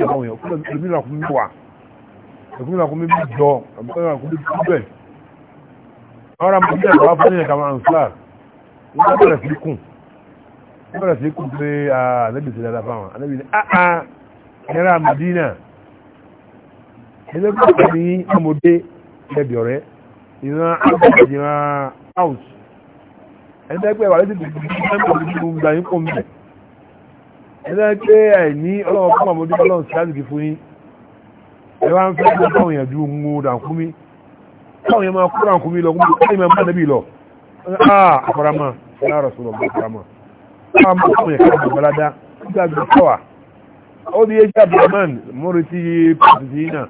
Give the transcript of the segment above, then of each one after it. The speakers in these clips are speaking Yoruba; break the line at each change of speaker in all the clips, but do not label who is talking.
fún àwọn èèyàn fún ẹ̀mí làkún mi wà ẹ̀kún làkún mi bí jọ ẹ̀kún làkún mi bí bẹ̀ ọ̀rọ̀ mi bí ẹ̀kọ́ wá fún ẹ̀ka máa ń fúlà wọ́n bẹ̀rẹ̀ sí kùn wọ́n bẹ̀rẹ̀ sí kùn pé ànábì sí dáadáa fáwọn ànábì ní àá ah, ah, ẹ̀rọ àmàdínà ẹ̀lẹ́gbẹ́ ọ̀sẹ̀ ní amòdé ẹ̀bì ọ̀rẹ́ ìran áwùs ìran áwùs ẹ̀lẹ́gbẹ́ wà lẹ́sìn tó ń gbà yín pọ̀ mẹ́rin ẹ̀dá pé àìní ọlọ́wọ́ fún àmójú ọlọ́run sí láti fún yín ẹ̀wá ń fẹ́ fún àwọn èèyàn ju ohun dàkúmí káwọn èèyàn máa kó dàkúmí lọ kúmí káwọn èèyàn máa dẹ́bì lọ ah àfarama ya Rasulullah àfarama káwọn máa kó yẹn káwọn balada nígbà gbé kọwà ó di ẹjẹ abdulhaman mọ́rin ti pàṣẹ sí iná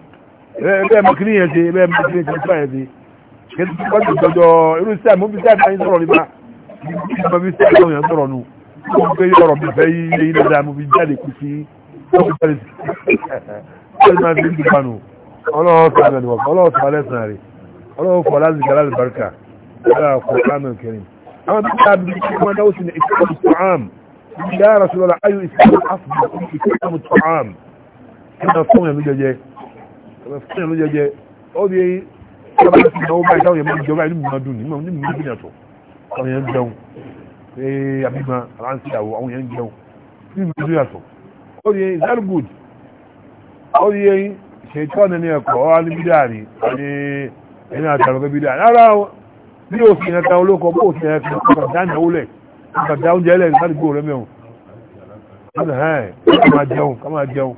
bẹ́ẹ̀ mọ́ kìíní yẹn ṣe bẹ́ẹ̀ mọ́ kìíní yẹn ṣe ṣe kí wọ́n ti dọ́jọ́ irú sí àmì ó fi sí àmì
ó gbé ọ̀rọ̀ mi fẹ́ yí ilé ilé dáa mo
fi jáde kù sí ọ̀rọ̀ jáde sí ọ̀rọ̀ máa fi ń dùn panu ọlọ́wọ́ sọ àmì ọ̀fọ̀ ọlọ́wọ́ sọ alẹ́ sàn rè ọlọ́wọ́ fọ aláàzì kí aláàzì barika ọlọ́wọ́ kọ kánú kẹrin àwọn tó dáa bí kí wọ́n dáwọ́ sí ní ìsìlámù tọ́ám ìyá rasulọ́lá ayò ìsìlámù afọ ìsìlámù tọ́ám ee abigbọn aláǹsí ìyàwó àwọn èèyàn jẹun ní ìlú ìlú yàtọ̀ ó rí ẹyin very good ó rí ẹyin ṣètò ọ̀nà ní ẹ̀kọ́ wá ní bídà ní ní ẹni àtàrọ̀ bídà rárá bí o sì yẹn kan olóko bó o sì yẹn kan ọkọ̀ dáná wúlẹ̀ ọkọ̀ dá oúnjẹ ẹlẹ́yìn láti gbó rẹ mẹ́wọ̀n ọ̀nà ẹ̀ ká máa jẹun ká máa jẹun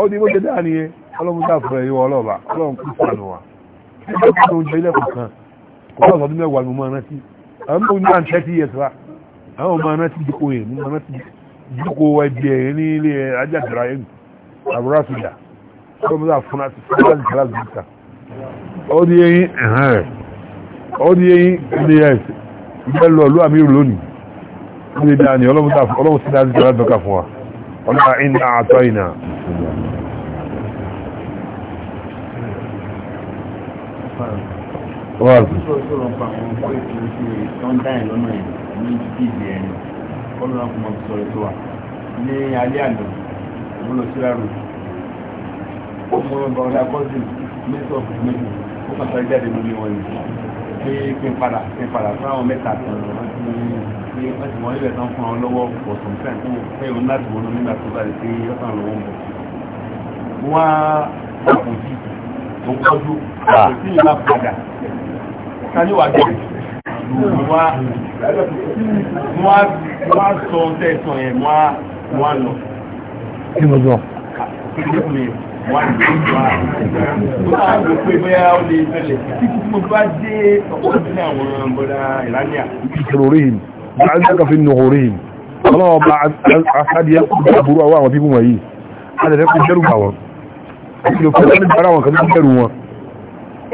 ó ní bó ṣe dáa nìyẹn ọlọ́run dà fún ẹ̀yọ ọlọ́ọ̀bà ọlọ́run kú fún àná wa
ẹgbẹ́
kan oúnjẹ àwọn ọmọ ní àǹtí ẹtì yẹsùn wa àwọn ọmọ aná ti dìkò yẹn ọmọ aná ti dìkò wa di ẹ̀yẹ ní ilé ajájara yẹn àbúrò àfìjà ọmọ náà fún àti fún àti fún àti fún ọdí ẹyin ẹ̀hán ọdí ẹyin ilé ẹ̀sì ìgbẹ́ lọ ló àmì lónìí ilé dáa ni ọlọ́mọ sí dáa sí dáa dọ́ka fún wa ọlọ́mọ àìní àtọ́ ìnáà wọ́n fi. sọ̀rọ̀ pa àwọn ọkọ̀ ètò ìṣe tó ń dá ìlọ́nà yìí ní ìdíje ẹ̀yìn kọ́lọ́ náà kò mọ̀ sọ̀rọ̀ tó wà ní alẹ́ àná mo lọ sí àrùn ó mọ ọba ọ̀dà kọ́sìn mẹ́tọ̀ ọ̀fìn méjì ó kàn sáré jáde lórí wọn yìí pé kí n padà kí n padà fún àwọn mẹ́ta kan wọ́n
ti wọ́n ilẹ̀ tán fún àwọn lọ́wọ́ pọ̀ sọ̀tàn kó pé òun láti wọnú nígbà tó bá lè pé ọ̀sán lọ́wọ́ ń bọ̀ wọ́n á kò sí òun kọ́jú kò sí ìlà padà tani wà jẹ́ wọ́n á sọ tẹ́sán yẹn wọ́n á lọ.
kí mo jọ. wọ́n á lọ pé bóyá ó lè fẹ́lẹ̀ títí mo bá dé ọ̀pọ̀ nínú àwọn bọ́dá ìlànà. ìṣòro rí i láti fi nù orí i ọlọ́wọ́ bá asáàdìyà kúrò àbúrò àwọn àwọn tí kò wọ̀nyí a lè fẹ́ kó jẹ́rù bà wọ́n. ìlòkùn láti bára wọn kan tó jẹ́rù wọn.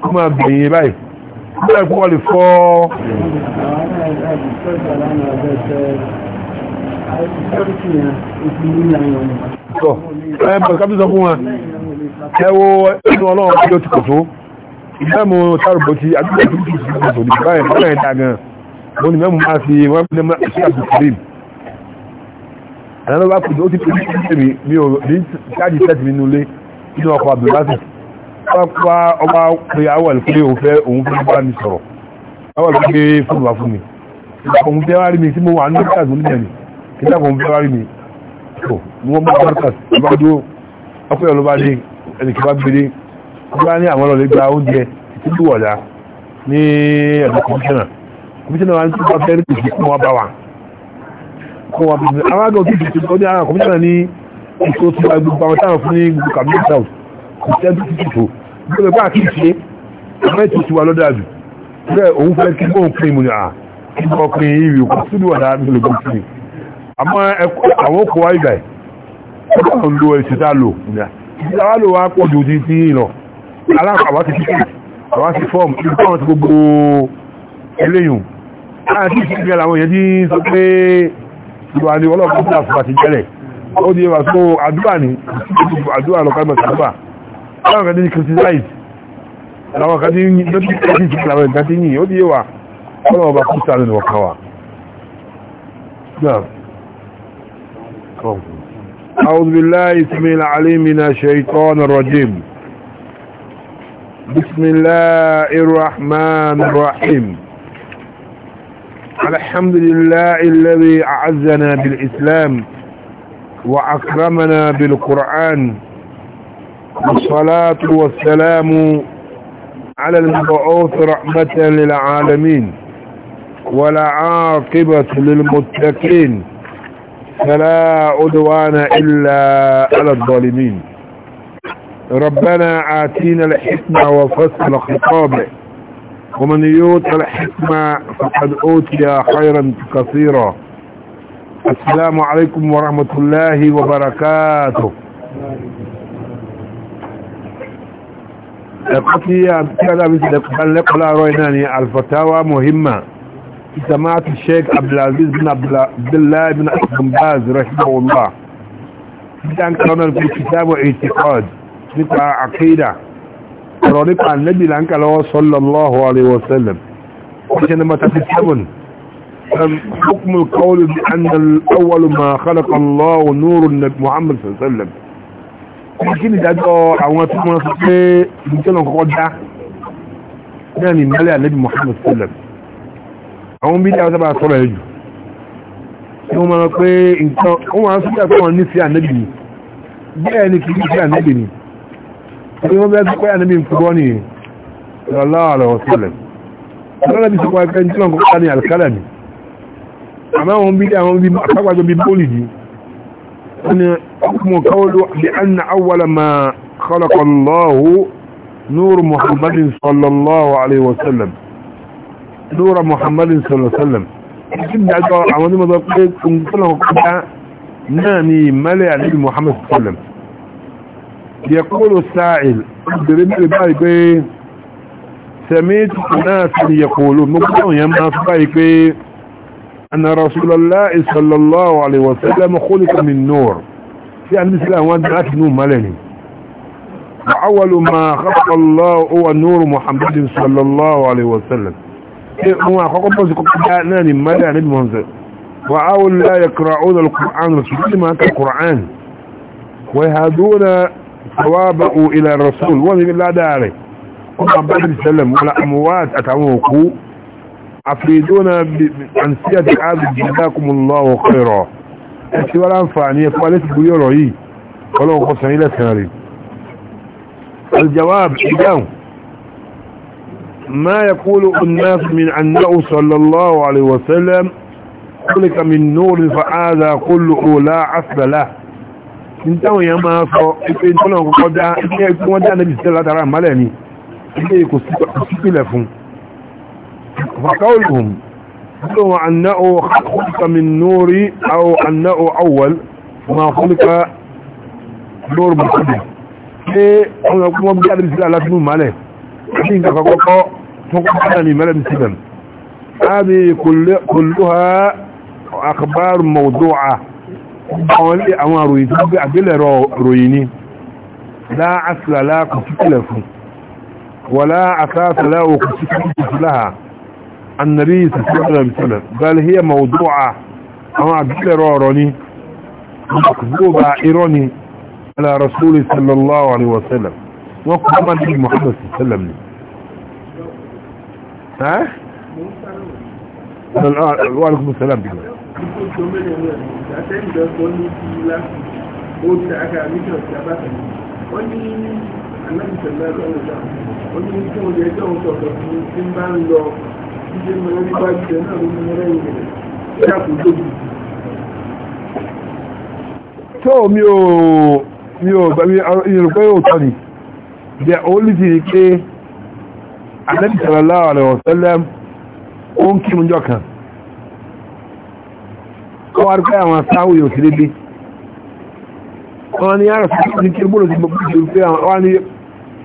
kó máa bẹ̀yìn báyìí kó máa kó lè fọ́ ọ́ ẹ̀bọ̀n kábí sọ fún wa ẹwọ ẹnu ọlọ́run kí ó ti kò tó ìbẹ́mù tàrùbọ̀ ti àdúgbò tó ti kò tó ní báyìí báyìí dágan mo ní mẹ́mù máa fi wọ́n fi lẹ́mọ́ sí àbùkùrìm ẹ̀rọ bá kùtù ó ti pè ní mi ò ní ṣáàjì tẹ́tì nínú ilé nínú ọkọ̀ àbùkùrìm pápá ọba pé awọ̀ òun fẹ́ òun fẹ́ bá mi sọ̀rọ̀ awọ̀ pé pé fún mi òun fẹ́ wá mi tí mo wà ní dókítà tó nílẹ̀ ni kí dákọ̀ òun fẹ́ wá rí mi tó ní wọ́n bá dókítà bá dúró ọpẹ́ ọlọ́ba dé ẹnì kí bá gbélé bá ní àwọn ọlọ́lẹ́ gba oúnjẹ tí bí wọ̀dá ní ẹ̀dọ̀ kọmíṣánná kọmíṣánná wa ń tún bá fẹ́rẹ́ tó fi kún wa bá wa kún wa bí i àwọn àgbà òtún tó ní àwọn kọmíṣánná ní ìṣó tó bá gbogbo àwọn táwọn fún ní gbogbo kàmíṣánná ìṣẹ́jú ti dìbò gbọ́dọ̀ bá kí ṣe ọmọ ètò ti wà lọ́dájú bẹ́ẹ̀ òun fẹ́ kí bóun pín mu ní à kí bọ́ pín ìrì òkú sílù ọ̀dà lọ́gbọ́n sí ni àmọ́ àwọn kò wáyé gbà ẹ̀ wọ́n lo èsì tá lò ìdílé wa lò wá pọ̀ ju ti ti lọ alákàwá ti fífi àwa ọlọ́pàá ti àfùbà ó di ẹwà tó àdúrà ní àdúrà lọ́kàlùmọ̀ àdúrà àwọn kan ní criticize àwọn kan ní ó wà kú wà أعوذ بالله اسمي العليم من الشيطان الرجيم بسم الله الرحمن الرحيم الحمد لله الذي أعزنا بالإسلام وأكرمنا بالقرآن والصلاة والسلام على المبعوث رحمة للعالمين ولا عاقبة للمتقين فلا عدوان إلا على الظالمين ربنا آتينا الحكمة وفصل خطابه ومن يوت الحكمة فقد أوتي خيرا كثيرا السلام عليكم ورحمة الله وبركاته قطية لك لا رويناني الفتاوى مهمة في سماعة الشيخ عبد العزيز بن عبد الله بن عبد باز رحمه الله كان كان في كتاب اعتقاد نقع عقيدة ورنقع النبي لانك لو صلى الله عليه وسلم عشان ما تتسمن حكم القول بأن الأول ما خلق الله نور النبي محمد صلى الله عليه وسلم ọmọ kí ni ìdájọ́ àwọn tí wọ́n sọ pé ìdíjọ́nà kọ́kọ́ dá náà ní ìmọ̀lẹ́ àlẹ́bí Muhammad sallam àwọn bí dáa sábà sọ̀rọ̀ ẹ̀ jù tí wọ́n máa pé nǹkan wọ́n máa sọ́jà pé wọ́n ní sí ànẹ́bì ni bẹ́ẹ̀ ni kìí sí ànẹ́bì ni tí wọ́n bẹ́ẹ̀ pé ànẹ́bì ń kúrọ́ ni lọ́láàrọ̀ sallam lọ́lábí sọ pé ẹni tí wọ́n kọ́kọ́ ní àlùkálà ni àmọ́ àwọn bí dáa àwọn bí يعني حكم قوله لأن أول ما خلق الله نور محمد صلى الله عليه وسلم نور محمد صلى الله عليه وسلم يجب أن أعوى مضاقيت ونقله قبعة ناني ملع عليه محمد صلى الله عليه وسلم يقول السائل اضرب لبالي بيه سميت ناس يقولون مقدم يا ناس بيه أن رسول الله صلى الله عليه وسلم خلق من نور في المسلم ودعت نور ملني وأول ما خلق الله هو نور محمد صلى الله عليه وسلم هو خلق بس قرآن ملني بمنزل وأول لا يقرؤون القرآن رسول ما القرآن ويهدون ثوابه إلى الرسول ولا لا داري قرآن بعد السلام ولا أموات أتعوه àfìdónà àǹsí àti ààbì ìdákùnmùlọ́ ọ̀kẹ́rọ̀ ẹ̀sí wá láǹfààní ẹ̀fọ́ alẹ́sì bú yọ̀rọ̀ yìí ọlọ́run kọ́ sàn ilẹ̀ sàn rẹ̀ aljawab ìdáhùn ما يقول الناس من أنه صلى الله عليه وسلم خلق من نور فهذا كله لا أصل له ìtàwọn èèyàn máa sọ ipé ìtọ́nà kọ́kọ́ dá ilé ẹgbẹ́ wọ́n dá níbi sílẹ̀ látara àmàlẹ̀ ni ilé ìkò sípìlẹ̀ fún فقولهم قولوا أنه خلق من نور أو أنه أول ما خلق نور مقدم ṣe ọmọ ọkùn wọn bí i àdìsílẹ̀ aláfinú malẹ̀ ní nǹkan kọ́kọ́ fún kọ́kọ́ ní mẹ́rẹ̀ mìsílẹ̀m ábí kòlúha àkàbárù mọ̀dọ́à àwọn ilé àwọn àròyìn tó gbé àgbélẹ̀ ròyìn ní láàásìlá kò síkìlẹ̀ fún wọ́lá àsáàtìlá òkú síkìlẹ̀ fún láàá النبي صلى الله عليه وسلم بل هي موضوعة أما عبد رورني مكذوبة إيراني على رسول صلى الله عليه وسلم وقام به محمد صلى الله عليه وسلم ها؟ وعليكم السلام بكم
wọ́n ní anábìsẹ̀lẹ̀ ọ̀rọ̀ ìjà wọ́n ní kí wọ́n jẹ́
tó mi ò mi ò bẹ̀rẹ̀ ìrùpẹ́ òtọ́ ni the only thing pé Ànábì sallallahu alaihi wasallam ó ń kí mújọ kan kọ́ wá rúpẹ́ àwọn sáwò yóò sí lébi wọ́n ni yára sí kí gbọ́nà ti gbọ́nà ti gbọ́nà ti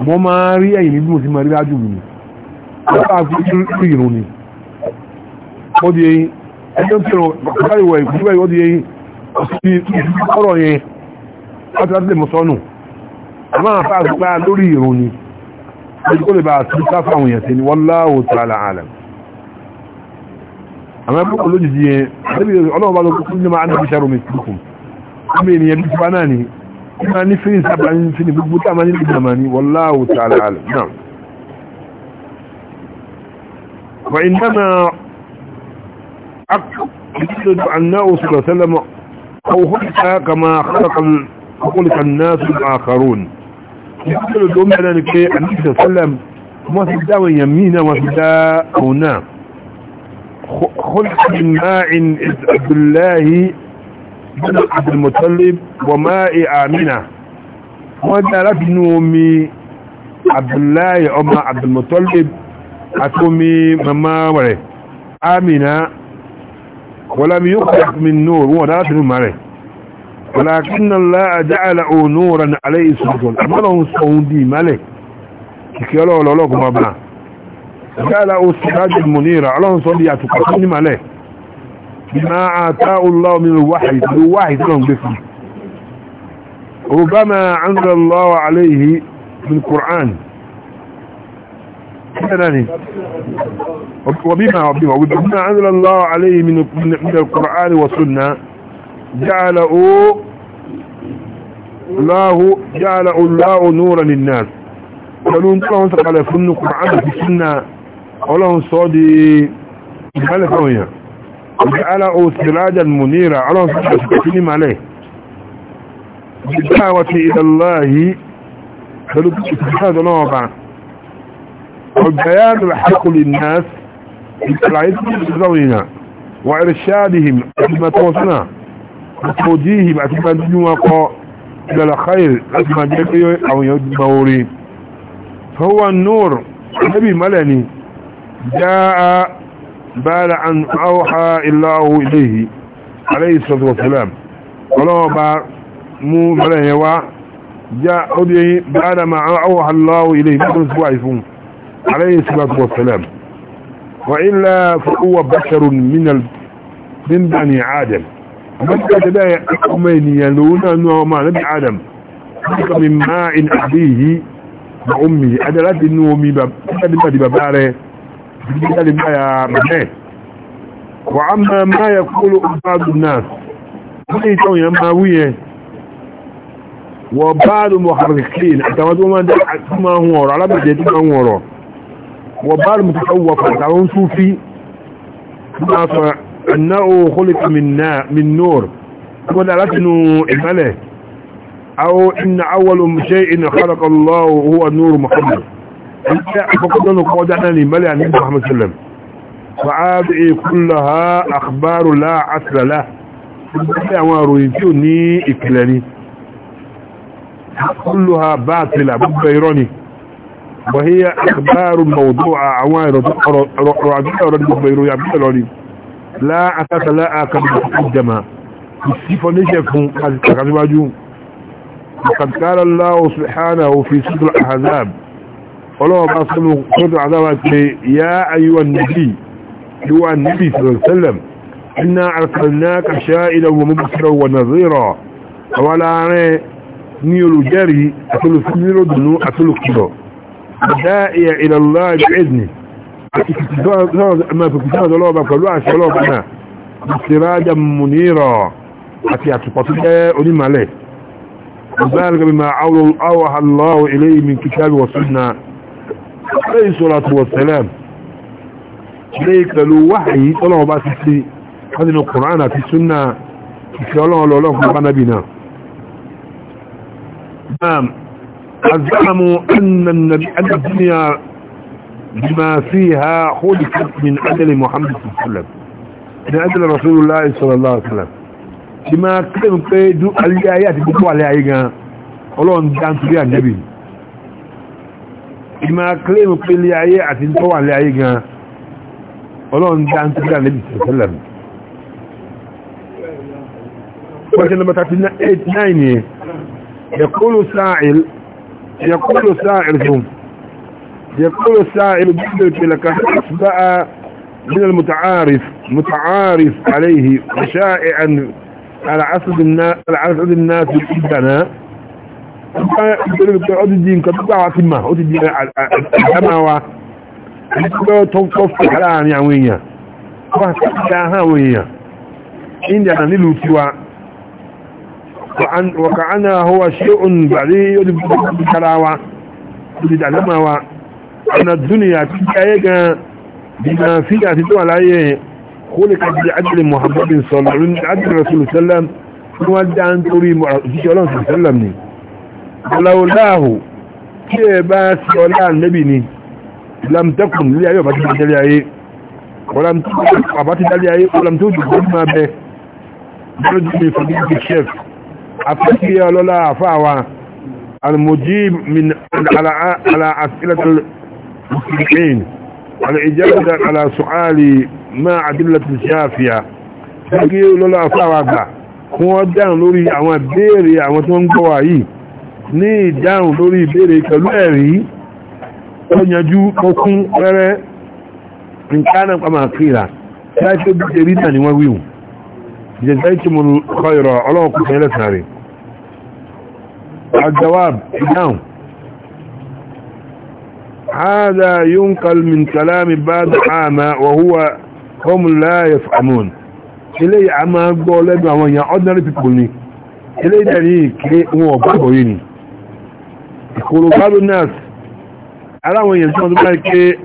gbọ́nà ti gbọ́nà láàfin ìrùn ni ó di eyín ẹjọ́ tí ó káríwọ̀ ìpínlẹ̀ ó di eyín sí ọ̀rọ̀ yẹn láti láti lè mọ́sánù máa fà gbá lórí ìrùn ni
ó lè bá sí káfàwọn yẹn sí ni
wallahu ta'ala alam àmọ́ ẹgbẹ́ kò lójìdí yẹn níbi ọlọ́ọ̀bá ló kún ní máa nàbí sàrùmí kúrùkùn وإنما أكد أنه صلى الله عليه وسلم أو خلق كما خلق خلق الناس الآخرون يقول الأمة لأنك النبي صلى الله عليه وسلم ما في داء يمين وما في داء هنا خلق من ماء عبد الله بن عبد المطلب وماء آمنة وما دارت نومي عبد الله أم عبد المطلب àti omi mama rẹ̀ amina wọlámi yóò kọ́ min nóòrù wọn dára tínú ma rẹ̀ wọlákínà láàjá àlà ònúra na alẹ́ ìsọ̀tọ̀ àmọ́lọ́hun sọ̀hun di ìmálẹ̀ kìkì ọlọ́ọ̀lọ́ọ̀gùn ma bá jáàlá ó sì rájì mọ̀nira ọlọ́run sọ di àtùkọ̀ tó ní malẹ̀ ma a ta olóò mi كانني وبما وبما وبما أنزل الله عليه من من القرآن والسنة جعله الله جعل الله نورا للناس قالوا انت لهم سقال يفن القرآن في السنة ولهم صادي مالك ويا جعله سراجا منيرا علىهم سقال عليه بالدعوة إلى الله قالوا بسبحانه الله والبيان الحق للناس العيد يتزوينا وإرشادهم أثم توسنا وتوجيههم أثم دنواقا إلى الخير أثم جاكيو أو يدموري فهو النور النبي ملني جاء بال أن أوحى الله إليه عليه الصلاة والسلام ولو بار مو ملني جاء أدعي بعد ما أوحى الله إليه ما كنت واعفون عليه الصلاة والسلام وإلا فهو بشر من ال... من بني عادم. ومن كتبا أمين يلون أنه ما نبي آدم من ماء أبيه وأمه أدلت أنه مباب بباره وعما ما يقول بعض الناس ويتون يماويه وبعض المحرقين أتمنى ما هو رأى لابد ما هو رأى وبعض متصوف تعالون صوفي أنه خلق من, من نور ولا لكنه إماله أو إن أول شيء خلق الله هو نور محمد فقد نقودنا لملأ نبي محمد صلى الله عليه وسلم فعادئ كلها أخبار لا أصل له أمر ينتوني إكلاني كلها باطلة بغيراني وهي اخبار موضوعة عوائر رعبية ورد رعبية لولي لا اساس لا اكبر مقدمة السيفة نشف وقد قال الله سبحانه في سورة الاحزاب ولو بأصله سورة العذاب يا ايها النبي هو النبي صلى الله عليه وسلم إنا أرسلناك شائلا ومبصرا ونظيرا ولا نيولو جاري أتلو سنيرو دنو أتلو كيلو داعية إلى الله بإذنه ما في كتاب الله بقلوا عشاء الله بنا سراجا منيرا حتى يتبطل أولم عليه وذلك بما أوحى الله إليه من كتاب وسنة عليه الصلاة والسلام ليك لو وحي طلعوا بس في هذه القرآن في السنة في الله الله الله نعم زعموا أن النبي أن الدنيا بما فيها خلقت من أجل محمد صلى الله عليه وسلم من أجل رسول الله صلى الله عليه وسلم بما كانوا قيدوا الآيات بقوة لعيقا ọlọ́run dántúrí ànẹ́bì ìmá kílèmù pé الآيات ayé àti tó wà lé ayé gan ọlọ́run dántúrí ànẹ́bì tẹ̀sẹ̀lẹ̀ mi question number 39 yẹ ẹ̀kọ́lù sáàìl يقول سائرهم يقول سائر جدا لك بقى من المتعارف متعارف عليه وشائعا على عصد الناس على عصد الناس عندنا ó ti di nǹkan tó gbà wá sí ma ó ti di àdámà wa ẹgbẹ́ tó ń kọ́ fún láàrin àwọn èèyàn wọ́n àti ìdá àwọn èèyàn India nílùú tiwa وكأنها هو شيء بعدي بالكلاوة بالدعمة أن الدنيا تجايك بما فيها تدوى عليه خلق بعدل محمد صلى الله عليه وسلم عدل رسول صلى الله عليه وسلم ودى أن تري محمد صلى الله عليه وسلم ولولاه كيباس ولا النبي لم تكن لي أيوة بطل دليعي ولم تكن أبطل دليعي ولم توجد ما به برد من فضيلة الشيخ afẹ́kí ọlọ́lá àfáàwà almujib min على asilatul musulmin al'ijabata على su'ali ma adillatul shafiya afẹ́kí ọlọ́lá àfáàwà gbà kún wọ́n dáhùn lórí àwọn ìbéèrè àwọn tó ń gbọ́wà yìí ní ìdáhùn lórí ìbéèrè pẹ̀lú ẹ̀rí tó yanjú kọkún rẹ́rẹ́ nǹkan náà pàmà kíra láti ó bí ṣe rí náà ni wọ́n wíwù jẹ́ ìtumọ̀ kọ́ ìrọ̀ ọlọ́ọ̀kùnrin lẹ́sàn rẹ̀ الجواب نعم هذا ينقل من كلام بعض عامة وهو هم لا يفهمون إلي عما أقول لدو عمان يعودنا لتقولني إلي داني كي هو بابويني يقولوا بعض الناس على وين يسمون ذلك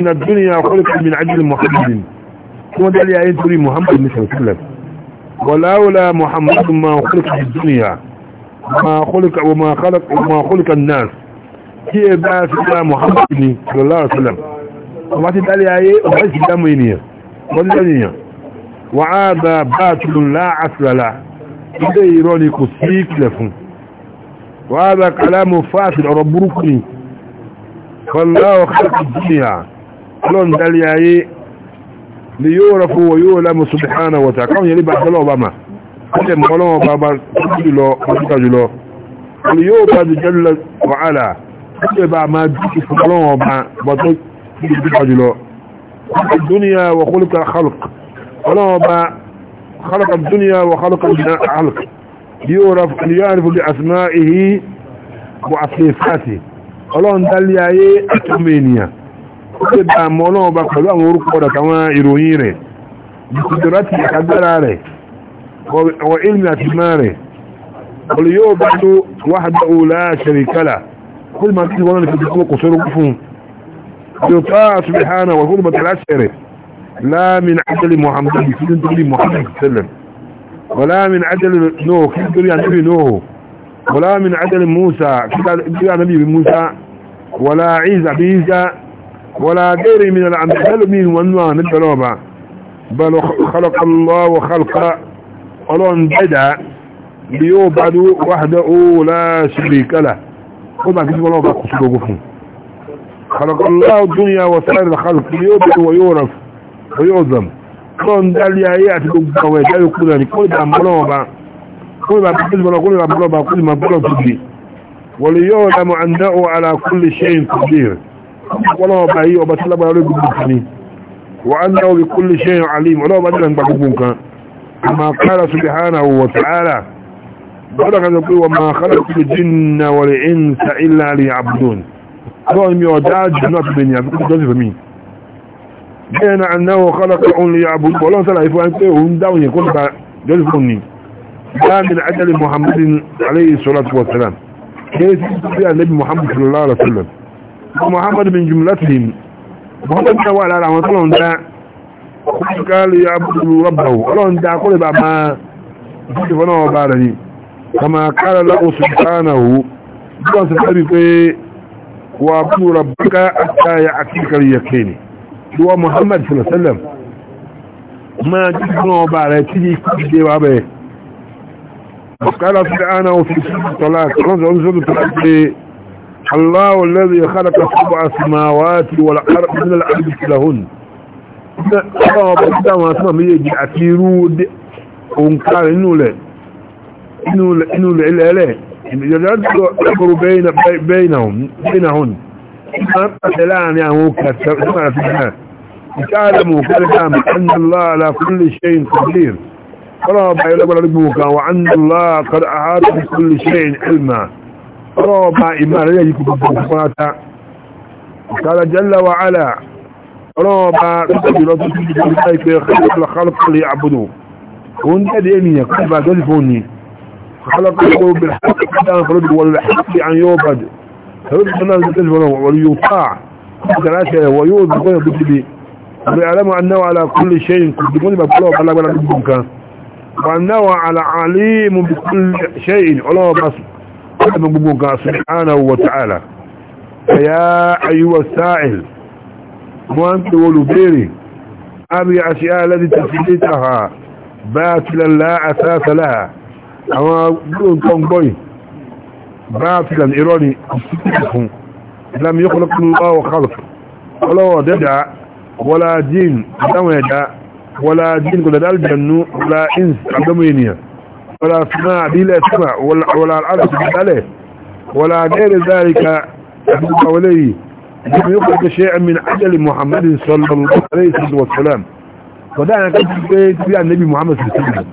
إن الدنيا خلقت من عجل محمد ثم دالي آيين تري محمد مثل وسلم ولولا محمد ما خلق الدنيا ما خلق وما خلق وما خلق الناس كي با سيدنا محمد صلى الله عليه وسلم وما تدالي اي وحيث دامو ينيا ولدنيا وعاد باطل لا اصل له ده يروني كسيك لفن وهذا كلام فاسد ربكني فالله خلق الدنيا لون دالي اي ليورفوا ويولم سبحانه وتعالى قوم يلي بعد الله ọjọ́ mọ́lọ́wọ́ bàbá jùlọ ọjọ́ jùlọ ni yóò bá jù jẹ́lẹ̀ wàhálà ọjọ́ bá máa jù mọ́lọ́wọ́ bá tó jùlọ duniya wa kúlùkà halk ọlọ́wọ́ bá halka duniya wa halka halk yóò arifu bí asmá ihi bu asifati ọlọ́wọ́n dalí ayé àtúmẹ̀nìyà ọjọ́ bá mọ́lọ́wọ́ bá pẹ̀lú àwọn orúkọ rẹ̀ kàwọn ìròyìn rẹ̀ وعلم أتمانه بعده وحده لا شريك له كل ما تجي وانا في الدخول وصير وقفهم يطاع سبحانه وظلمة العسر لا من عدل محمد في دوري محمد صلى ولا من عدل نوح في دوري يعني نبي نوح ولا من عدل موسى في يعني نبي موسى ولا عيسى عيسى ولا غير من الأنبياء من ونوان الدلوبة بل خلق الله وخلق ọlọ́run dẹ́dà bí yóò bá ní wáhàdá owó láṣìlè kálà ó bá kìí wọ́n bá kò ṣúgbogbo fún kàrọ̀kọ̀lá dúnyà wọ sáàrì àkàlùkù yóò bẹ̀rẹ̀ wọ yóò rọ̀f wọ yóò zam ọlọ́run dálé ayé àti gbogbo àwọn ẹ̀dá yóò kúrò ní kó ìbá mọ́lọ́wọ́ bá kó ìbá mọ́lọ́wọ́ kó ìbá mọ́lọ́wọ́ bá kó ìbá mọ́lọ́wọ́ tó gbé wọlé yóò lámọ̀ àndá ó alákùnlé ṣe dé wọ́lọ́wọ́ bá yí ọba tí lágbára lórí gbogbo kan ni wọ́n á náwó bí kúnlé ṣe alìm ọlọ́wọ́ bá gbogbo nǹkan كما قال سبحانه وتعالى بارك الله وما خلقت الجن والانس الا ليعبدون هو يودع جنات بني جوزيف مين بين انه خلقهم ليعبدون ولا سلا يفهم ان داون يكون جوزيف مني كان من عدل محمد عليه الصلاة والسلام كيف يقول النبي محمد صلى الله عليه وسلم ومحمد من جملتهم محمد نوال على ما طلعوا káàlì abúrú rọ́bàwò ọlọ́run dá kọ́lẹ̀ bá máa ìfẹ́ fọ́nà ọba rẹ̀ ni kama káàlì lọ́kùsù sáànàwó bíwọ́n sì fẹ́ bí pé wà bú rọ̀bùká àtàyà àkíkàrí yẹ̀kẹ́ ni wọ́n Muhammad sallallahu máa jí fọ́nà ọba rẹ̀ tí yí kú dé wà bẹ́ẹ̀ káàlì sáànàwó fi sọ́dún tọ́lá tọ́lá الله الذي خلق سبع سماوات والأرض من الأرض لهن ọ̀pọ̀ pẹ̀lú àwọn asọ́nà méjèèjì àti irú òǹkà rẹ̀ inú rẹ̀ inú rẹ̀ ilẹ̀ẹ́lẹ̀ ìjọdá ọkọ̀rọ̀ bẹ́ẹ̀nàhùn pàtẹ láàrin àwọn òkè قرأ بأي لقل ربك وعن الله قد أعاد بكل شيء علما قرأ بأي ما رأيك بكل قراتا قال جل وعلا رابع نسبي رضي الله عنه أي في خلق الخلق اللي يعبدوه هون دي أديمية كتبع تلفوني خلق الله بالحق كتان فرد والحق عن يوبد فرد الناس تلفونه وليطاع كتلاشة ويوض بقية بكبي ويعلموا أنه على كل شيء كنت تقولي بكله فلا بلا بكبك وأنه على عليم بكل شيء الله بس كتب بكبك سبحانه وتعالى يا أيها السائل وانت ولبيري أبي أشياء التي تفلتها باطلا لا أساس لها أما قلون تنبوي باطلا إيراني لم يخلق الله خلق ولا ددع ولا دين ولا دين قد الجن ولا إنس عدمينيا ولا سماع دي لا سماع ولا, ولا العرش ولا غير ذلك وليه لم يخرج شيئا من عجل محمد صلى الله عليه وسلم ودعنا كتب في النبي محمد صلى الله عليه وسلم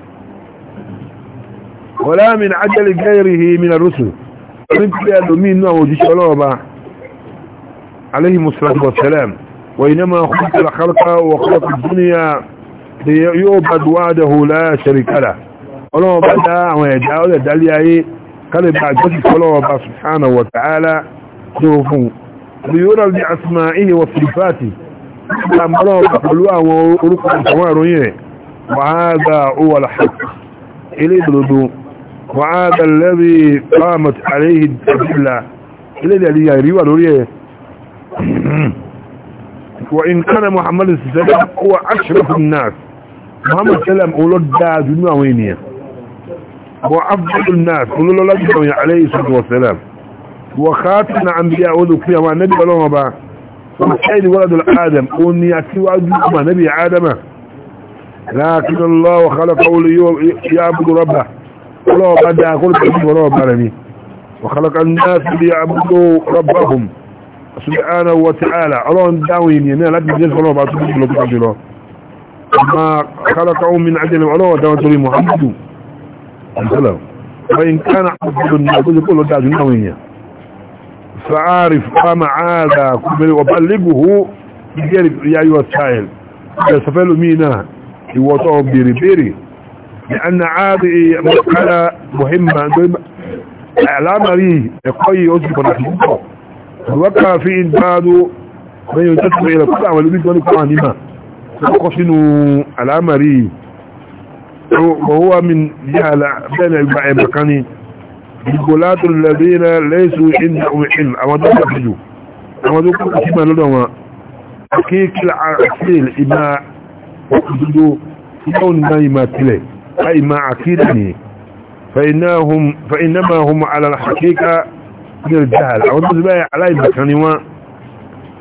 ولا من عجل غيره من الرسل من قال مين نوع وجيش الله عليه الصلاه والسلام وإنما خلق الخلق وخلق الدنيا ليؤبد وعده لا شريك له ولو بدا ويدا àwọn ẹ̀dá ọlẹ̀ dálé ayé سبحانه وتعالى jọ́sí liyúrọ̀ ní asìmá ihe wọ filifati lámọ́rọ̀ pẹ̀lú àwọn orúkọ àwọn àròyìn rẹ̀ wàhádà owó alhaq ilé ìdòdó wàhádà lẹ́rí pàmàtí àríhì tàbílà ilé ìdàlíyà ríwà lórí ẹ̀ وإن كان محمد السلام هو أشرف الناس محمد السلام أولاد دا دنيا وينيا وأفضل الناس أولاد الله عليه الصلاة والسلام وخاتم انبياء فيها ما نبي قالوا ما با وحيد ولد الادم آدم أني ما نبي آدم لكن الله خلق خلقه ليعبد ربه ولو بدا أقول بحبه ولو بارمي وخلق الناس ليعبدوا ربهم سبحانه وتعالى الله داوين يعني لا تجد ولو بعتبه ولو بعتبه ما خلقهم من عدل ولو داوين محمد صلى الله عليه وسلم فإن كان عبد الناس يقول له داوين فعارف قام عادا وبلغه يا أيها السائل يسفل مينا يوطعه بيري بيري لأن عادي مسألة مهمة العملي يقوي يصف نحبه وقع في إنباد من ينتسب إلى كل عمل يريد أن يكون عنهما فقصن العملي وهو من جهة بين المكانين بالغلاة الذين ليسوا عندهم علم أما دوك أخرجوا أما دوك أخرجوا لدهم حقيق العقيل إما وقدوا يون نايمة تلي أي ما عقيدني فإنهم فإنما هم على الحقيقة من الجهل أما دوك بقى على مكانوا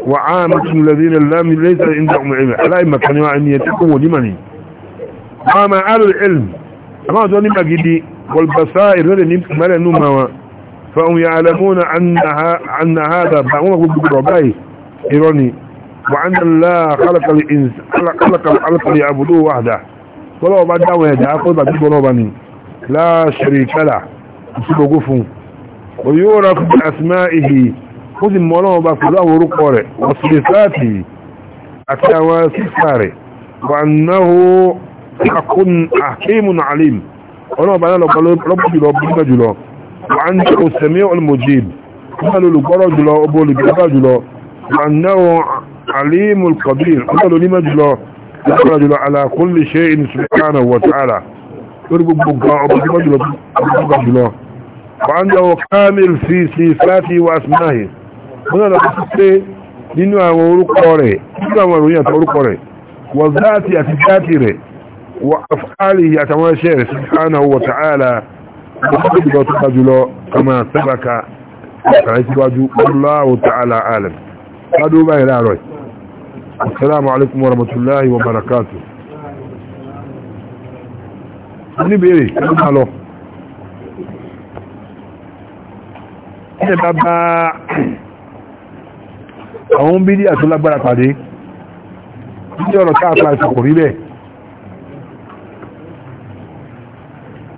وعامة الذين لم ليس عندهم علم على مكانوا أن يتقوا لمني وما أهل العلم أما دوك ما قدي والبصائر لن يملأ نوما فهم يعلمون أنها عن هذا بعون رباي إيراني
وأن الله خلق الإنس
خلق الخلق ليعبدوه وحده ولو بعد وحده أقول بعد بني لا شريك له سبقفهم ويعرف بأسمائه خذ المولان بفضله ورقوره وصفاته أتواسفاره وأنه حق حكيم عليم ọlọ́run bá lọ́pọ̀ lọ́pọ̀ jùlọ búrúkẹ́ jùlọ wọ́n ní òsèmí olùmọ̀jìd wọ́n olùgbọ́rọ̀ jùlọ ọbọ̀ olùgbọ́rọ̀ jùlọ wọ́n náwó alimul kabir wọ́n onímọ̀ jùlọ lọ́pọ̀ jùlọ ala kulli shay'in subhanahu wa ta'ala lórí gbogbo gan ọbọ̀ jùlọ jùlọ búrúkẹ́ jùlọ wọ́n náwó kamil fi sifati wa وأفعاله يتماشر سبحانه وتعالى وقبضة رجل كما سبك فعتواج الله تعالى عالم قدوا به لا روي السلام عليكم ورحمة الله وبركاته ní بيري ẹ̀lú máa lọ ẹ̀ bá bá àwọn bídí àtúlágbára pàdé ní ọ̀rọ̀ káàkiri àti ọ̀pọ̀ bẹ́ẹ̀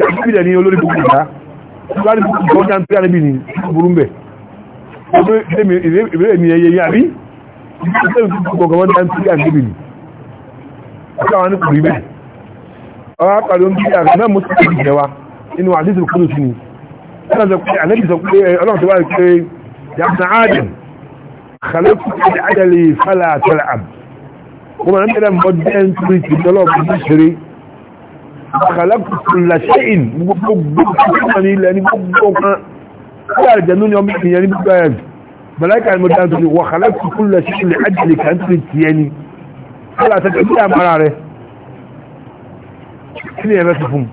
ìpínlẹ̀ ní olórí gbogbo ìdá láti gbogbo ọjà ń tí a níbi ní burú ń bẹ̀ ìbẹ̀rẹ̀ mi ẹyẹ yàrí ìbẹ̀rẹ̀ gbogbo ọjà ń tí a níbi ní àtàwọn ní kùrù ibẹ̀ ọwá pàdé ń tí a náà mú sí ìjẹ́ wa inú àdísì kúrò sí ni alẹ́bí sọ pé ọlọ́run tó wà pé yàtà adam kàlẹ́kù adàlẹ̀ fàlà àtàlà àb àkàlákùnlà ṣẹ́yìn gbogbo ọmọ ní ilẹ̀ ní gbogbo kan tí àrìjẹ̀nú ni ọmọ ìyẹn ní gbogbo ẹ̀ bẹ̀láìkà ni mo dáa tó ní wàkàlákùnlà ṣẹ́yìn lè ájìlè kà ń tìrì tì ẹ́ ni kí láti ṣe kí àmàrà rẹ̀ kí ni ẹ̀rẹ́ ti fún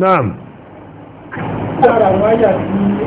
Naam.
Lára wáyà tí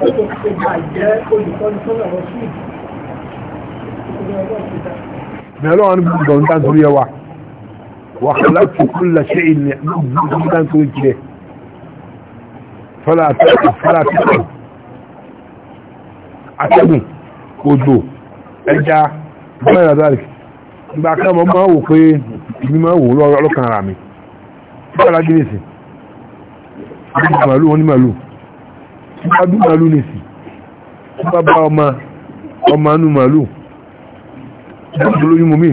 ó tó ti ṣe gbà jẹ́ olùkọ́ni sọ́nà ọ̀rọ̀ sí
mẹ́lọ́ wọn bí gbọ̀n tán torí ẹwà wà kàláàtì kúlẹ̀ ṣe ìní gbọ̀n tán torí jẹ́ fọ́lá àtẹ́kùn atẹ́gùn odò ẹja mẹ́rin àdáríkì ìgbà kan mọ́ máa wò pé ìbí máa wò lọ́rọ̀ ọlọ́kàn mi fọ́lá gínísì àti màlúù wọn ní màlúù tí bá dún màálù nìsí tí bá bá ọmọ ọmọ anú màálù bọ́ọ̀dù lóyún mú mi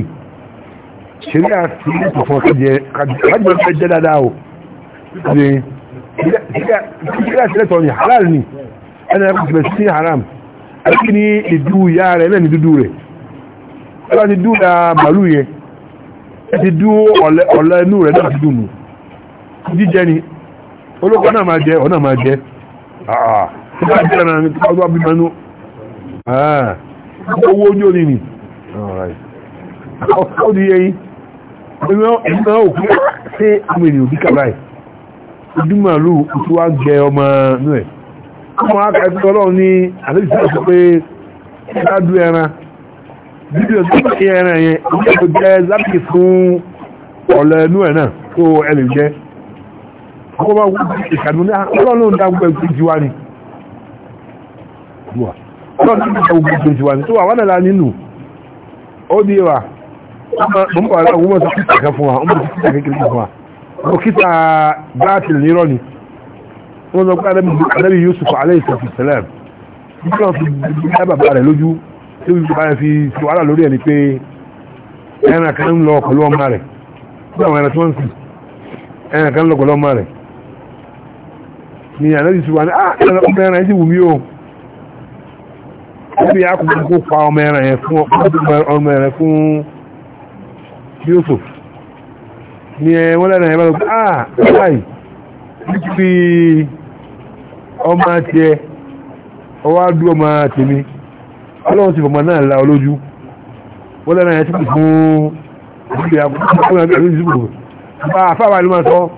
ṣeré àti ìlú fún kájọ fẹ́ jẹ́ dáadáa o ṣeré àti lẹ́tọ̀ọ́ ni halal ni ẹni ẹ̀kọ́ ti bẹ̀rẹ̀ sí haram àti ní ìdú ìyá rẹ̀ náà ní dúdú rẹ̀ ẹ̀rọ ti dú da màálù yẹn ẹ ti dú ọ̀lẹ́ inú rẹ̀ náà ti dùn nù jíjẹ ni olóko náà máa jẹ ọ̀nà máa jẹ Ah, ah, owó ojú ni ni ó di yẹn ìgbà òkú sí àwọn ènìyàn bí kàbáyì ojúmọ̀lú tí wá jẹ ọmọ inú ẹ̀ ọmọ akẹ́kọ̀ọ́ lọ́wọ́ ní àlébìsí sọ pé ṣáàdú ẹran bíbíọ̀ tó bá yẹ ẹran yẹn ó jẹ́ láti fún ọ̀lẹ́ inú ẹ̀ náà tó ẹlẹ́ jẹ́ kọ́ bá wú ìkànnì ní ọlọ́run dá gbogbo ẹgbẹ́ ìjìwá ni ọlọ́run dá gbogbo ẹgbẹ́ ìjìwá ni tó wà wọ́n lára nínú ó di wa mo ń bọ̀ ọ̀rọ̀ òun mọ̀ sí kíta kan fún wa ó mọ̀ sí kíta kékeré fún wa mo kíta báàtì nírọ̀ ni wọ́n sọ pé adábì Yusuf alayhi salam bí wọ́n fi dá bàbá rẹ̀ lójú tí wọ́n fi fi wàhálà lórí ẹni pé ẹran kan lọ pẹ̀lú ọmọ rẹ̀ ni ànábì ti wà ní ah, ọmọ ẹran ẹ̀sì wùmí o ẹbí akùnkùn kó pa ọmọ ẹran ẹ̀ fún ọmọ ẹran fún Yusuf ni wọ́n lẹ́nà ẹ̀bá lọ́pọ̀ ah láì nítorí ọmọ àti ẹ ọwá dú ọmọ àti mi ọlọ́run ti fọmọ náà la olójú wọ́n lẹ́nà ẹ̀ sí fún ọmọ ẹran ẹ̀sì wùmí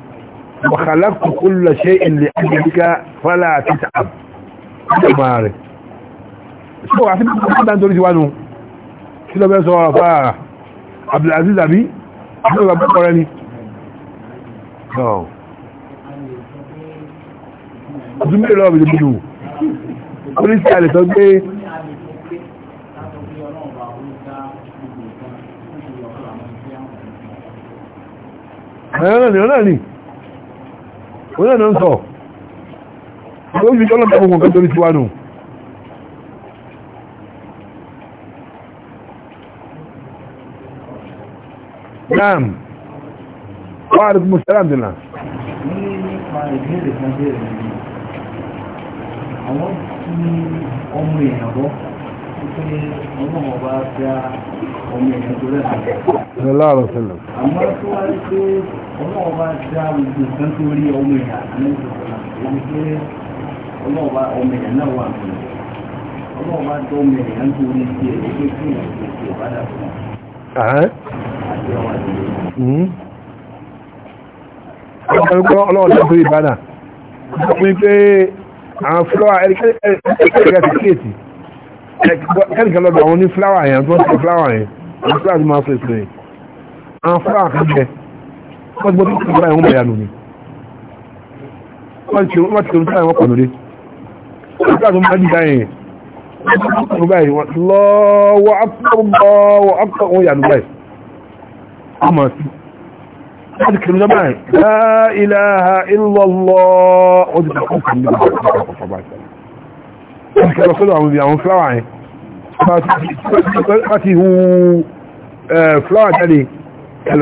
وخلقت كل شيء لأجلك فلا تتعب جمارك سوى عسيب محمد أن تريد وانه كده بس هو فا عبد العزيز أبي أبو أبو قراني نعم أزمي الله بجبنه
قولي سألي تنبي
أنا أنا أنا wọ́n náà ń sọ ó fi jọ́lọ́ tàbí nǹkan torí tiwa nù naam wọ́n àrùn mú sẹ́lá dìnnà
àwọn tí ọmọ èèyàn bọ́ pé ọlọ́mọ bá dá ọmọ èèyàn tó rẹ̀
àmọ́
tó wá rí pé ọlọ́wọ́ bá dá gbogbo nǹkan tó rí ọmọ ìyá lẹ́sọ̀rọ̀ ẹni pé ọlọ́wọ́ bá ọmọ ìyá náà wà nù ọlọ́wọ́ bá dá ọmọ ìyá tó rí sí ẹ̀ lókè tí ìyá tó ti ọ̀bá dà fún un. Ọlọ́run tó rí
ìbádà. Ó pín pé àwọn fúláwà ẹ̀ríkẹ́ríkẹ́ ti kéètì. Kẹ́ríkẹ́ lọ́dọ̀ àwọn onífúláwà yẹn tó ń sọ fúláwà yẹn. Àwọn fúláwà ti máa fèsì rẹ̀. Àwọn fúláwà kan jẹ́ wọ́n gbọ́dọ̀ tí ìgbà ẹ̀wọ̀n bẹ̀yà lónìí wọ́n ti wọ́n ti rúta ẹ̀wọ̀n pọ̀lórí wọ́n ti àwọn mọ́jú dáyẹ̀ wọ́n báyìí wọ́n lọ́wọ́ akọ̀rọ̀gbọ́ akọ̀rọ̀ yà lù báyìí wọ́n mọ̀ ti kìrì wọ́n báyìí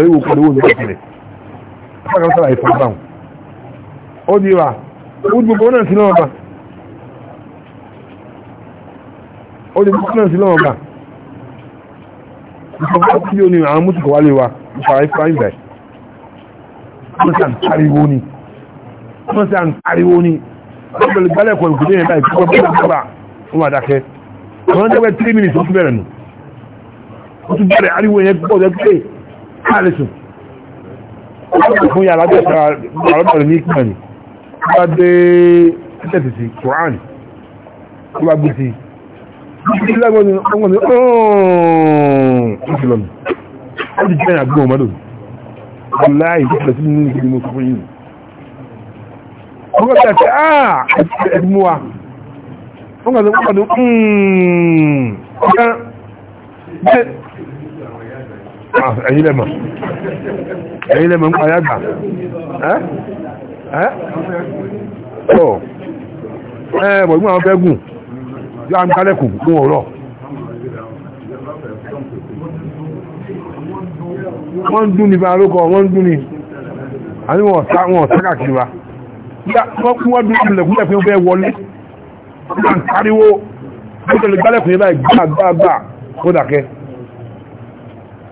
wọ́n ti fáwọn sára ìfọ̀gbọ̀n ó di wà ó gbogbo náà sí lọ́wọ́ bá ó di gbogbo náà sí lọ́wọ́ bá ìfọ̀gbọ̀n tí ó ní àwọn mútùkọ̀ wálé wa ìfàrà ìfàrà ìbẹ̀ wọ́n sàn tariwo ni wọ́n sàn tariwo ni wọ́n pẹ̀lú gbálẹ̀ kọ̀ ìkùdé yẹn láì púpọ̀ púpọ̀ púpọ̀ 3 minutes ó tún bẹ̀rẹ̀ nù ó tún bẹ̀rẹ̀ ariwo yẹn púpọ̀ jẹ́
fún yàrá jẹ́ta àrọ́bàrẹ̀ ní
ìpínlẹ̀ ni bá dé títẹ̀tì sí Quran tó bá gbé sí ìlẹ́gbọ́n ni ọgbọ́n ni ọ̀rùn ó ti jẹ́ Ah, ẹ̀yìn lẹ́mọ̀ ẹ̀yìn lẹ́mọ̀ ń pa yàgbà ẹ́ ẹ́ ọ̀ ẹ́ bọ̀ ìgbọ́n àwọn fẹ́gùn yóò ń kálẹ̀kù fún ọ̀rọ̀
wọ́n ń dún ní bá lókọ wọ́n ń dún ní àníwọ̀n ọ̀sá
wọn ọ̀sá kàkiri wa wọ́n kú wọ́n dún ìlẹ̀kùnlẹ̀ fún ọ̀fẹ́ wọlé wọ́n ń káríwó wọ́n tẹ̀lé gbálẹ̀kùn yẹn báyìí gbàgbàgbà kó dàkẹ́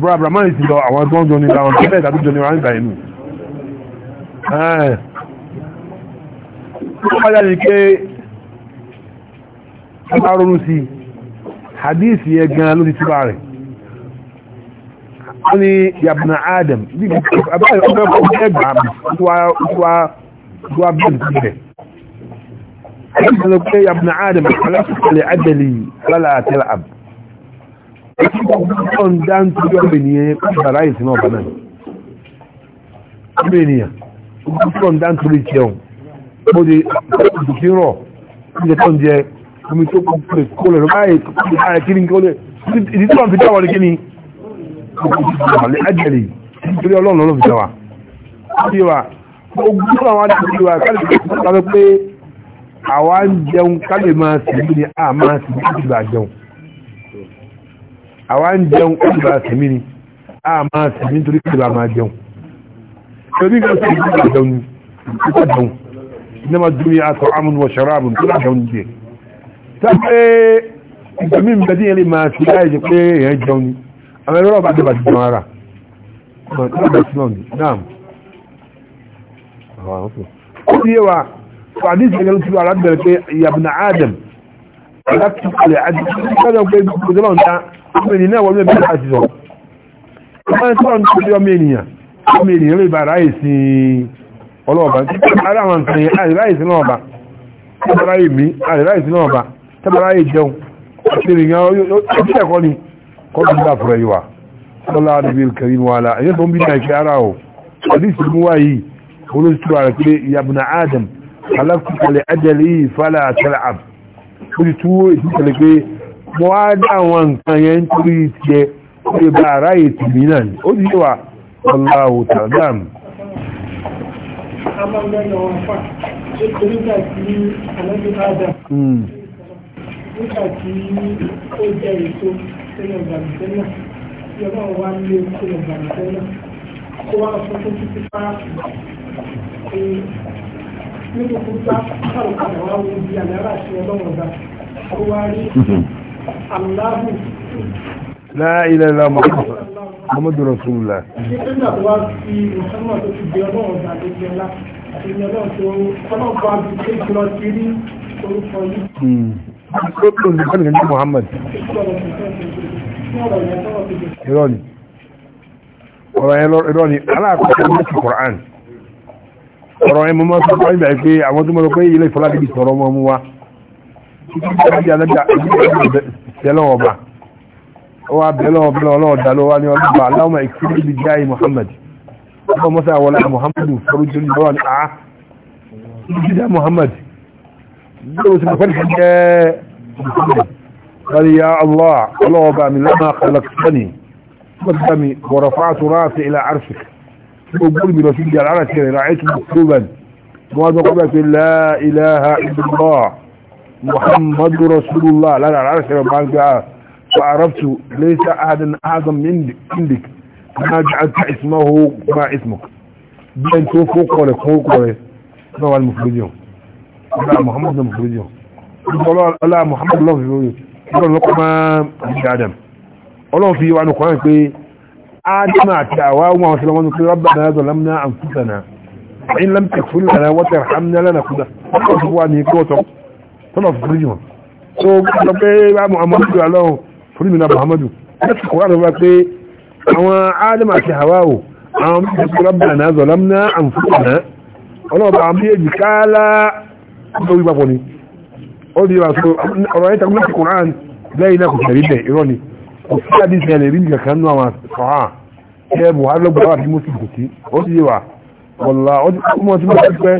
bro abraman ti lọ àwọn tó ń jọ ní láwọn tó bẹ́ẹ̀ tàbí jọ ní wọ́n ń gbà inú tó bá jáde pé ọba ronú sí hadith yẹ gan ló ti túbà rẹ̀ ó ní yabna adam bí abáyé ọgbẹ́ ọgbẹ́ gbà tó wá bẹ́ẹ̀ sílẹ̀ ẹgbẹ́ pé yabna adam alásùkọlẹ̀ adẹ́lì lálàá tẹ́lá àbù ọ̀n dáńtú ọmọ ènìyàn kọ́bàrá ìsinmi ọ̀bá náà ọmọ ènìyàn ọ̀n dáńtú lè jẹun ó di ìdùkí rọ̀ oúnjẹ tó ń jẹ omi tó kọ́lẹ̀ kọ́lẹ̀ báyìí kọ́lẹ̀ kí ni kọ́lẹ̀ ìdí tó ń fi dáwọ́ kí ni ajẹ́lẹ̀ nítorí ọlọ́run ló fi dáwà sí wa ogun àwọn adìsí wa kálí pé àwa ń jẹun kálí máa sì ní a máa sì ní ìgbà jẹun àwa ń jẹun ọgbà sẹ̀mí ni a máa sẹ̀mí nítorí kí ìlà máa jẹun torí kan sí ìlú àjẹun ni ìkọ́ jẹun ní ma dúró yà sọ amúnú wọ ṣọ́rọ́ àbùn tó lájẹun ní jẹ sápé ìgbàmí ìgbà tí yẹn lè máa fi láì jẹ pé èèyàn jẹun ni àwọn ẹ̀rọ bá dé bá ti jẹun ara ó ti yé wa fàdíjì ẹgbẹ̀rún tí wà pé ìyàbùnà adam láti àti ìgbàdàn pé gbogbo ìjọba ń ọmọ ènìyàn náà wọ́n mẹ́bí láti sọ ọmọ tí wọ́n tó ọmọ ènìyàn ọmọ ènìyàn lè bá ráyèsí ọlọ́ọ̀bá ara àwọn nǹkan yẹn àìráyèsí náà bá tábàráyè mí àìráyèsí náà bá tábàráyè jẹun àtìrìyàn ọjọ́ ẹ̀kọ́ ni kọ́ tó dá fúrẹ́ yíwa sọ́lá níbi kẹrin wàhálà ẹ̀yẹ́ tó ń bí o àdìsí mú wá yìí olóṣùwà rẹ̀ pé yabna mọ́ á dá àwọn nǹkan yẹn nítorí ti ẹ ó lè bá ara ètò mi náà ni ó ti yíwa ọláwò tàdám
nígbà tí ó jẹ́ èso sínú ìgbàlùfẹ́ náà tí ọlọ́run wá lé sínú ìgbàlùfẹ́ náà kó wá sọ fún títí bá ní kúkú bá wo bí àlẹ́ àṣẹ ọlọ́run ọba kó wá rí
لا إله إلا محمد محمد رسول الله
Gbogbo ìgbàlẹ̀ ní Muhammad.
Ìrọ̀lì. Hmm. Ọ̀rọ̀ ìrọ̀lì aláàkọ̀ọ́kọ́ ní ti Kùrán. Ọ̀rọ̀ ẹmọ mọ́ sọ́kọ́ ìgbà pé àwọn tó mọ́ pé ilé ìfọ́lá اللهم اكفر بجاه محمد اللهم صل على محمد فرج الله اه جدا محمد قال يا الله اللهم من لما خلقتني قدمي ورفعت راسي الى عرشك وقول برسول العرش رأيت مكتوبا وهذا قلت لا اله الا الله محمد رسول الله لا لا لا لا فعرفت ليس أحد أعظم منك ما جعلت اسمه ما اسمك بين فوق ولك فوق ولك نوع المفردين لا محمد المفردين لا محمد الله في بيوت يقول لقمة مش عدم الله في وعنه قرآن كي آدم أتعوى وما وسلم ونقول ربنا ظلمنا أنفسنا إن لم تكفر لنا وترحمنا لنا كده وقفوا عنه كوتك tọ́nà fúrújì wọn tó gbọ́dọ̀ pé bá muhammadu aláwọ̀ fúrújì náà muhammadu láti kọ́ àdọ́gbà pé àwọn adama àti hawawo àwọn mẹ́jọ rọ́bà náà zọ̀lámná àǹfààná ọlọ́ọ̀bà àwọn méjì káàlá tó wí papọ̀ ni ó di wàásù ọ̀rọ̀ ayé takun láti kùnrán lẹ́yìn náà kò tẹ̀rí bẹ̀ irọ́ ni kò sí àdí ìṣẹ̀lẹ̀ rí nìkan kan nú àwọn sọ̀há ṣe buhari lọ́gbọ̀n àti mọ́sí kò sí ó sì yé wa wọ́lá ó ti mọ́ sí mọ́